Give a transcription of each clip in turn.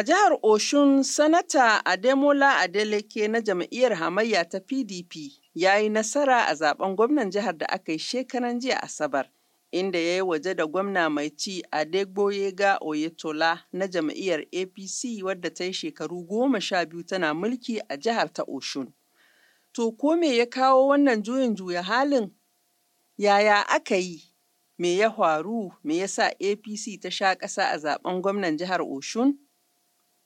A jihar Oshun, Sanata Ademola Adeleke na jam'iyyar hamayya ta PDP ya yi nasara a zaben gwamnan jihar da aka yi shekaran jiya Asabar, inda ya yi waje da gwamna mai ci Adegboyega Oyetola na jam'iyyar APC wadda ta yi shekaru goma sha biyu tana mulki a jihar ta Oshun. To ko me ya kawo wannan juyin juya halin? Yaya aka yi? Me ya faru? Me yasa APC ta sha ƙasa a zaben gwamnan jihar Oshun?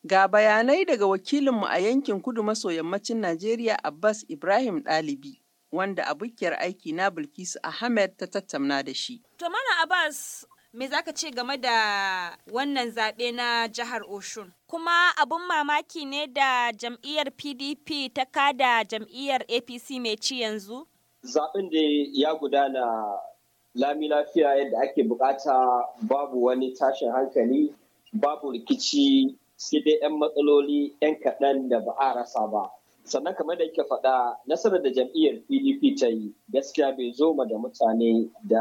Ga bayanai daga wakilinmu a yankin kudu maso yammacin Najeriya Abbas Ibrahim Ɗalibi. Wanda abokiyar aiki na Bilkisu Ahmed ta tattauna da shi. To mana Abbas me zaka ce game da wannan zaɓe na jihar Oshun? Kuma abun mamaki ne da jam'iyyar PDP ta kada jam'iyyar APC mai ci yanzu? Zaɓen da ya gudana lami lafiya yadda ake bukata babu wani tashin hankali, babu rikici sai dai 'yan matsaloli 'yan kaɗan da ba a rasa ba. Sannan kamar da yake faɗa nasarar da jam'iyyar PDP ta yi gaskiya bai zo ma da mutane da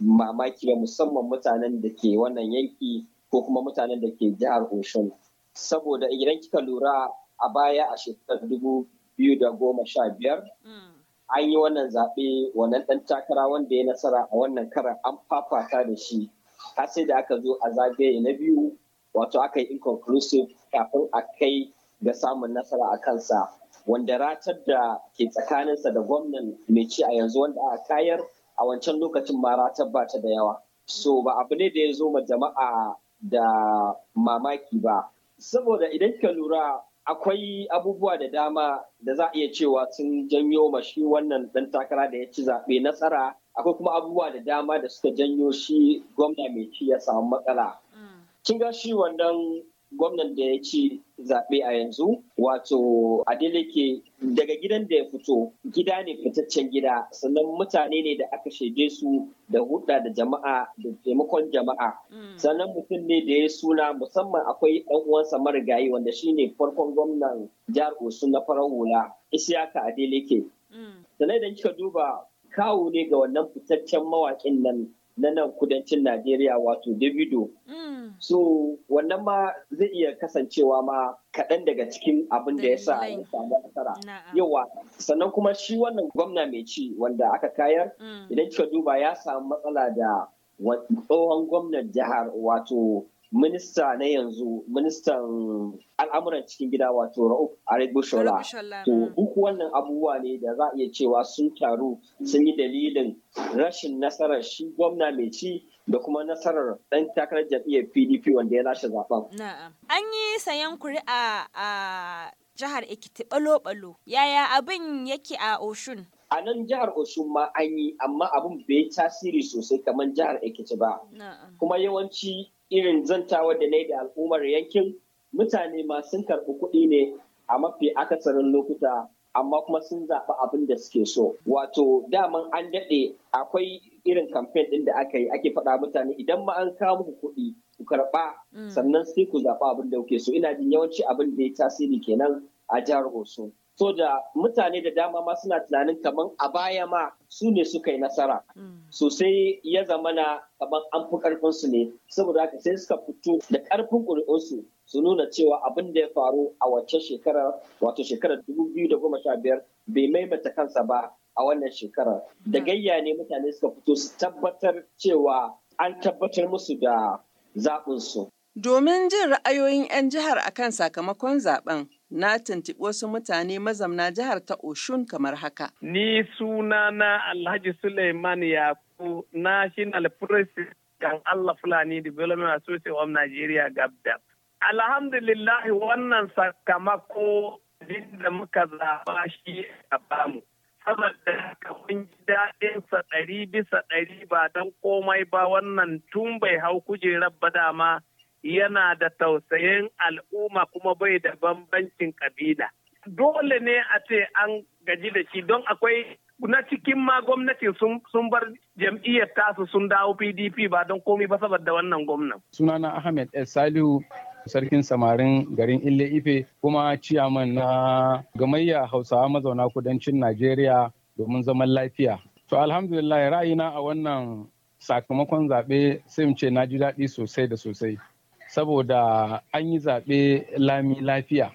mamaki ba musamman mutanen da ke wannan yanki ko kuma mutanen da ke jihar Oshun. Saboda idan kika lura a baya a shekarar dubu biyu da goma sha biyar mm. an yi wannan zaɓe wannan ɗan takara wanda ya nasara a wannan karan an fafata da shi har sai da aka zo a zagaye na biyu wato aka yi inconclusive kafin a kai ga samun nasara a kansa wanda ratar da ke tsakaninsa da gwamnan mai ci a yanzu wanda a kayar a wancan lokacin ma ratar ba ta da yawa so ba abu ne da ya zo ma jama'a da mamaki ba saboda idan ka lura akwai abubuwa da dama da za a iya cewa sun janyo ma shi wannan dan takara da ya ci zaɓe nasara akwai kuma abubuwa da dama da suka janyo shi gwamna mai ci ya samu matsala kin ga shi wannan gwamnan da ya ci zaɓe a yanzu wato adeleke daga gidan da ya fito gida ne fitaccen gida sannan mutane ne da aka shaide su da hudda da jama'a da taimakon jama'a mm. sannan mutum ne da ya suna musamman akwai ɗan uwansa marigayi wanda shine farkon gwamnan jihar osun na farar hula isiyaka adeleke mm. sannan idan kika duba kawo ne ga wannan fitaccen mawaƙin nan na nan kudancin Najeriya wato Davido. Mm. So wannan ma zai iya kasancewa ma kaɗan daga cikin abin da ya sa ya samu nasara. Yawa sannan kuma shi wannan gwamna mai ci wanda aka kayar mm. idan kika duba ya samu matsala da tsohon gwamnan jihar wato minista na yanzu ministan al'amuran cikin gida wato Ra'uf Aribushola to mm. uku wannan abubuwa ne da za a iya cewa sun taru sun yi dalilin rashin nasarar shi gwamna mai ci da kuma nasarar ɗan takarar jam'iyyar PDP wanda ya lashe zaben. An yi sayan kuri'a a jihar Ekiti balo-balo. Yaya abin yake a Oshun? a nan jihar Oshun ma an yi amma abin bai tasiri sosai kamar jihar Ekiti ba. Kuma yawanci irin zantawa da na yi da al'ummar yankin mutane ma sun karɓi kuɗi ne a mafi akasarin lokuta amma kuma sun zaɓi abin da suke so wato daman an daɗe akwai irin kamfen ɗin da aka yi ake faɗa mutane idan ma an kawo muku kuɗi ku karɓa mm. sannan sai ku zaɓi abin da kuke so ina jin yawanci abin da ya tasiri kenan a jihar Osun. Soja, mutane da dama ma suna tunanin kamar a baya ma su ne suka yi nasara hmm. sosai ya zamana kaman an fi karfinsu ne saboda haka sai suka fito da karfin ƙuri'unsu su nuna cewa abin da ya faru a wacce shekara wato shekarar 2015 bai maimata kansa ba a wannan shekarar da hmm. gayya ne mutane suka fito su tabbatar cewa an tabbatar musu da zaɓinsu. domin jin ra'ayoyin 'yan jihar akan sakamakon zaben na tuntuɓi wasu mutane mazamna jihar ta Oshun kamar haka. Ni suna na Alhaji Suleiman Yaku National President kan Allah Fulani Development Association of Nigeria Gabda. Alhamdulillah wannan sakamako da muka zaba shi a bamu. saboda haka mun ji daɗin sa ɗari bisa ɗari ba don komai ba wannan tun bai hau kujerar ba dama yana da tausayin al'umma kuma bai da bambancin kabila. Dole ne a ce an gaji da shi don akwai na cikin ma gwamnati sun bar jam'iyyar tasu sun dawo PDP ba don komi ba saboda wannan gwamnan. Sunana Ahmed El Salihu sarkin samarin garin ile Ife kuma ciyaman na gamayya Hausawa mazauna kudancin Najeriya domin zaman lafiya. To alhamdulillah ra'ayina a wannan sakamakon zaɓe sai ce na ji daɗi sosai da sosai. saboda an yi zaɓe lami lafiya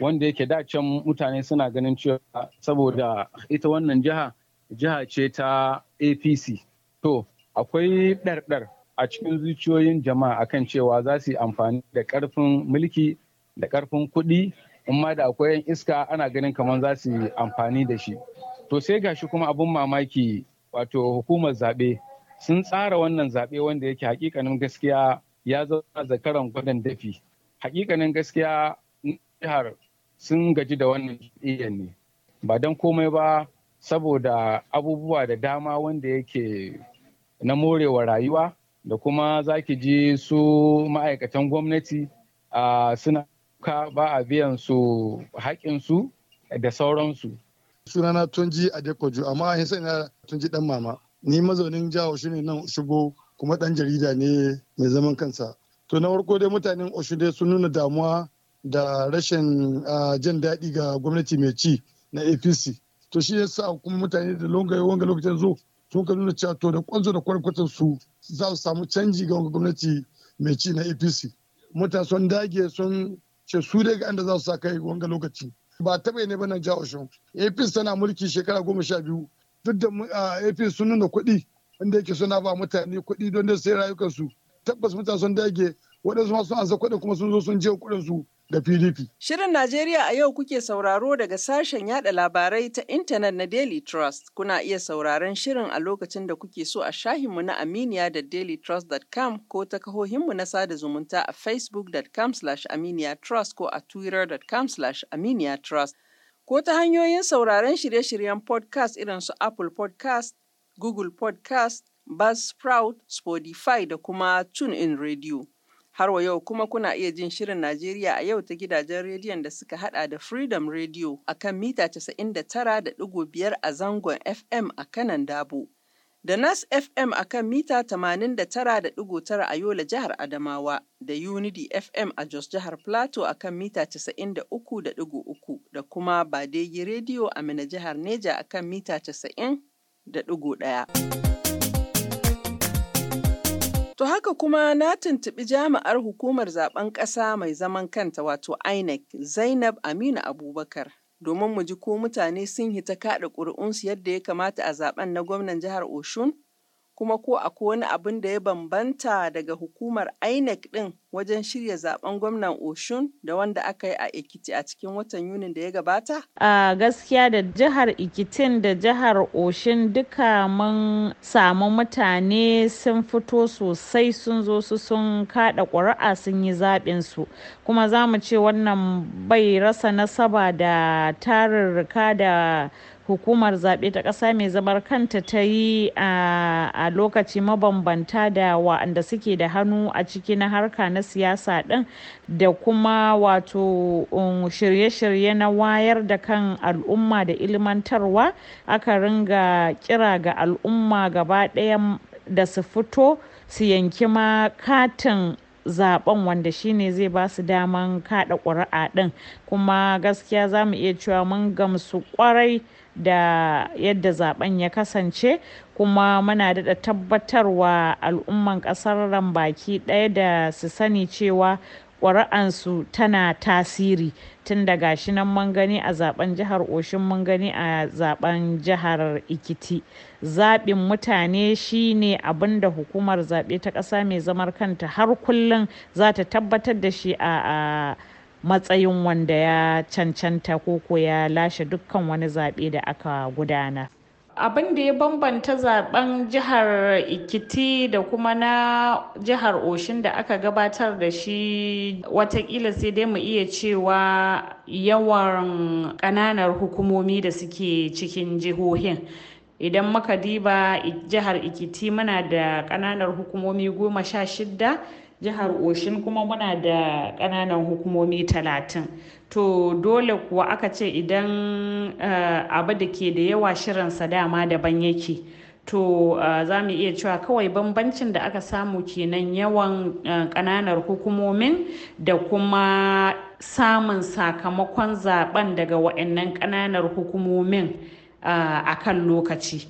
wanda yake dacen mutane suna ganin cewa saboda ita wannan jiha jiha ce ta apc to akwai ɗarɗar a cikin zuciyoyin jama'a akan cewa za su yi amfani da ƙarfin mulki da ƙarfin kuɗi in ma da akwai yan iska ana ganin kamar za su yi amfani da shi to sai gashi kuma abin mamaki wato hukumar zaɓe sun tsara wannan zaɓe wanda yake hakikanin gaskiya ya zama zakaran gwadon dafi hakikanin gaskiya jihar sun gaji da wannan jam'iyyar ne ba don komai ba saboda abubuwa da dama wanda yake na morewa rayuwa da kuma za ki ji su ma'aikatan gwamnati suna ka ba a biyan su haƙinsu da sauransu. sunana tunji a dekoju amma a yin sanya tunji dan mama ni mazaunin jihar shi ne nan shigo kuma ɗan jarida ne mai zaman kansa. To na farko dai mutanen dai sun nuna damuwa da rashin jan daɗi ga gwamnati mai ci na APC. To shi sa kuma mutane da longa wanga lokacin zo sun ka nuna cewa to da kwanzo da kwarkwatan su za su samu canji ga gwamnati mai ci na APC. Mutane sun dage sun ce su dai ga inda za su sa kai wanga lokaci. Ba taɓa ne ba nan ja Oshun. APC tana mulki shekara goma sha biyu. Duk da APC sun nuna kuɗi wanda yake suna ba mutane kuɗi don da sai rayukansu tabbas mutane sun dage waɗansu ma sun ansa kuɗin kuma sun zo sun je kuɗin su da PDP. Shirin Najeriya a yau kuke sauraro daga sashen yada labarai ta intanet na Daily Trust. Kuna iya sauraron shirin a lokacin da kuke so a shahinmu na Aminiya da dailytrust.com ko ta kahohinmu na sada zumunta a facebook.com slash aminiyatrust ko a twitter.com slash aminiyatrust. Ko ta hanyoyin sauraron shirye-shiryen podcast irin su Apple podcast, Google Podcast, Buzzsprout, Spotify da kuma TuneIn Radio. Har wa yau kuma kuna iya jin shirin Najeriya a yau ta gidajen rediyon da suka hada da Freedom Radio a kan mita 99.5 a zangon FM a kanan Dabo. Da Nas FM a kan mita 89.9 a Yola jihar Adamawa, da Unity FM a Jos jihar Plateau a kan mita 93.3 da kuma Badegi Radio a Mina jihar Neja a kan mita 90. da ɗigo ɗaya. To haka kuma na tuntuɓi jami'ar hukumar zaben ƙasa mai zaman kanta wato INEC Zainab Aminu Abubakar domin mu ji ko mutane sun hita kaɗa ƙuri'unsu yadda ya kamata a zaben na gwamnan jihar Oshun kuma ko akwai wani abin da ya bambanta daga hukumar INEC ɗin wajen shirya zaben gwamnan Oshun da wanda aka yi a Ekiti a cikin watan Yunin da ya gabata? A gaskiya da jihar Ikitin da jihar Oshun duka mun samu mutane sun fito sosai sun zo su sun kaɗa ƙuri'a sun yi zaɓin su kuma za mu ce wannan bai rasa nasaba da tarurruka da hukumar zaɓe ta ƙasa mai zamar kanta ta yi a lokaci mabambanta da wa'anda suke da hannu a ciki na harka na siyasa ɗin da kuma wato um, shirye-shirye na wayar da kan al'umma da ilmantarwa aka ringa kira ga al'umma gaba ɗaya da su fito su yanki ma katin zaben wanda shine zai ba su daman kada ƙuri'a din kuma gaskiya za mu iya cewa mun gamsu kwarai da yadda zaben ya kasance kuma muna daɗa tabbatarwa al'umman ƙasar baki ɗaya da su sani cewa ƙuri'ansu tana tasiri tun da gashi nan mun gani a zaben jihar Oshin mun gani a zaben jihar Ikiti zaɓin mutane shine abin da hukumar zaɓe ta ƙasa mai zamar kanta har kullum za ta tabbatar da shi a matsayin wanda ya cancanta koko ya lashe dukkan wani zaɓe da aka gudana. abin da ya bambanta zaben jihar ikiti da kuma na jihar oshin da aka gabatar da shi watakila sai dai mu iya cewa yawan ƙananar hukumomi da suke cikin jihohin idan muka diba jihar ikiti muna da ƙananar hukumomi goma sha shidda jihar oshin kuma muna da ƙananan hukumomi talatin to dole kuwa aka ce idan eh, abu da ke da yawa shirinsa dama daban yake to eh, za mu iya cewa kawai bambancin da aka samu kenan yawan eh, ƙananar hukumomin da kuma samun sakamakon zaben daga waɗannan ƙananar hukumomin a kan lokaci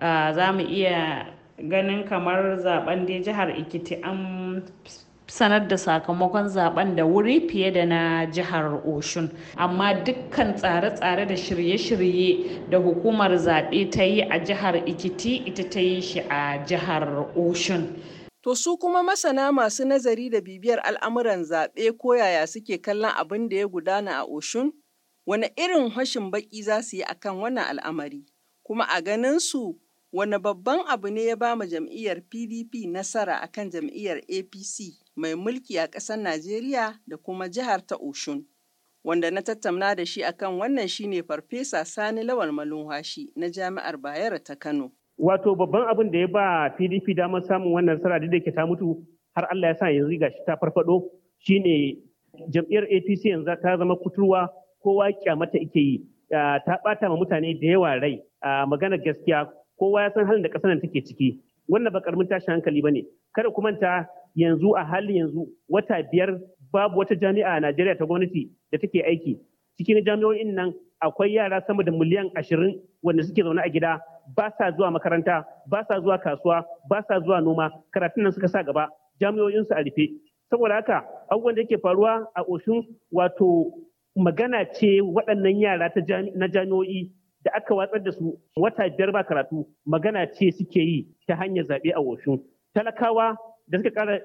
za mu iya ganin kamar zaben dai jihar ikiti an sanar da sakamakon zaben da wuri fiye da na jihar oshun amma dukkan tsare-tsare da shirye-shirye da hukumar zaɓe ta yi a jihar ikiti ita ta yi shi a jihar oshun To su kuma masana masu nazari da bibiyar al'amuran zaɓe ko yaya suke kallon abin da ya gudana a Oshun? wani irin hashin baƙi za su yi akan wannan al'amari? Kuma a ganin su Wane babban abu ne ya ba ma jam'iyyar PDP nasara a kan jam'iyyar APC mai mulki a ƙasar Najeriya da kuma jihar ta Oshun? Wanda na tattauna da shi akan wannan shine Farfesa Sani Lawal Malumhashi na Jami'ar Bayero ta Kano. Wato babban abin da ya ba PDP damar samun wannan nasara da ke ta mutu har Allah ya sa yanzu gashi ta farfado shine jam'iyyar APC yanzu ta zama kuturwa kowa kyamata ike yi ah, ta ɓata ma mutane da yawa rai a ah, maganar gaskiya kowa ya san halin da kasar nan take ciki wannan ba karamin tashin hankali ba ne kada ku manta yanzu a halin yanzu wata biyar babu wata jami'a a Najeriya ta gwamnati da take aiki cikin jami'o'in nan akwai yara sama da miliyan ashirin wanda suke zaune a gida ba sa zuwa makaranta ba sa zuwa kasuwa ba sa zuwa noma karatun nan suka sa gaba jami'o'in su a rufe saboda haka abubuwan da yake faruwa a oshin wato magana ce waɗannan yara na jami'o'i da aka watsar da su wata biyar ba karatu magana ce suke yi ta hanyar zaɓe a wofin talakawa da suka ƙara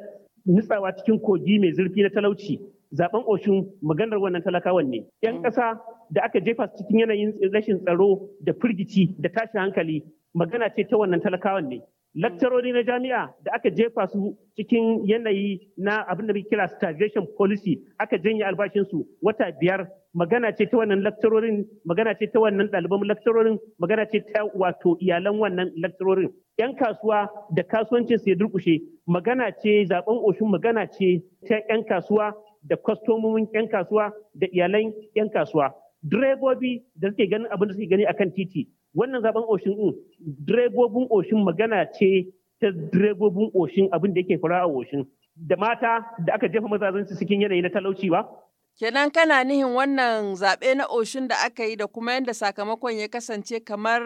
nutsawa cikin kogi mai zurfi na talauci zaben oshun maganar wannan talakawan ne yan mm. ƙasa da aka jefa cikin yanayin rashin tsaro da firgici da tashin hankali magana ce ta wannan talakawan ne lakcarori na jami'a da aka jefa su cikin yanayi na abin da kira starvation policy aka janye albashinsu wata biyar magana ce ta wannan lakcarorin magana ce ta wannan ɗaliban lakcarorin magana ce ta wato iyalan wannan lakcarorin yan kasuwa da kasuwancin su ya durkushe magana ce zaben oshin magana ce ta yan kasuwa da kwastomomin yan kasuwa da iyalan yan kasuwa direbobi da suke ganin abin da suke gani akan titi wannan zaben oshin din direbobin oshin magana ce ta direbobin oshin abin da yake fara a oshin da mata da aka jefa mazazin su cikin yanayi na talauci ba kenan kana nihin wannan zaɓe na oshin da aka yi da kuma yadda sakamakon ya kasance kamar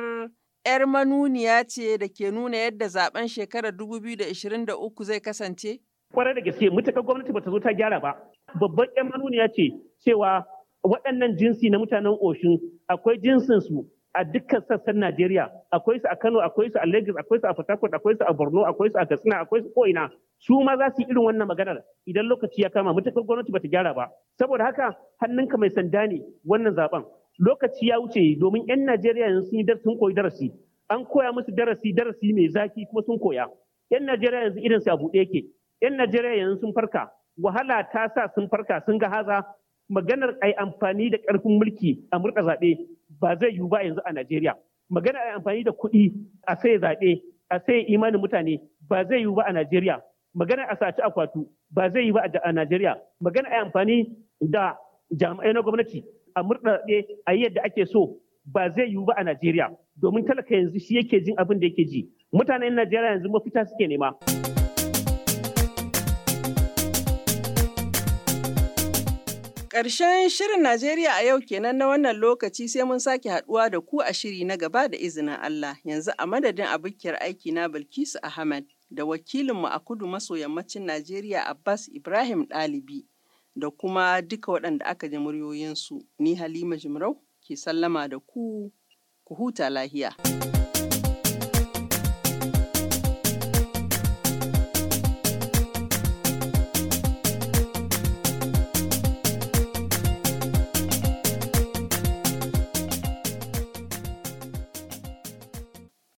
'yar manuniya ce da ke nuna yadda zaben shekarar 2023 zai kasance? Kwarai da gaske, mutakar gwamnati ba ta zo ta gyara ba. Babban 'yan manuniya ce cewa waɗannan jinsi na mutanen Oshin akwai jinsinsu a dukkan sassan Najeriya akwai su a Kano akwai su a Lagos akwai su a Port Harcourt akwai su a Borno akwai su a Katsina akwai su ko'ina su ma za su yi irin wannan maganar idan lokaci ya kama mutakar gwamnati bata gyara ba saboda haka hannunka mai sanda ne wannan zaben lokaci ya wuce domin 'yan Najeriya yanzu sun yi sun koyi darasi an koya musu darasi darasi mai zaki kuma sun koya 'yan Najeriya yanzu irin su a buɗe yake 'yan Najeriya yanzu sun farka wahala ta sa sun farka sun ga haza maganar ai amfani da ƙarfin mulki a murka zaɓe ba zai yiwu ba yanzu a Najeriya. Maganar ai amfani da kuɗi a sai zaɓe a sai imanin mutane ba zai yiwu ba a Najeriya. Maganar a saci akwatu ba zai yiwu ba a Najeriya. Maganar ai amfani da jami'ai na gwamnati a murɗa zaɓe a yi yadda ake so ba zai yiwu ba a Najeriya. Domin talaka yanzu shi yake jin abin da yake ji. Mutanen Najeriya yanzu mafita suke nema. Ƙarshen shirin Najeriya a yau kenan na wannan lokaci sai mun sake haɗuwa da ku a shiri na gaba da izinin Allah. Yanzu a madadin abokiyar aiki na Bilkisu Ahmed da wakilinmu a kudu maso yammacin Najeriya Abbas Ibrahim Ɗalibi da kuma duka waɗanda aka ji muryoyinsu. Ni Halima Jimrau ke sallama da ku, ku huta lahiya.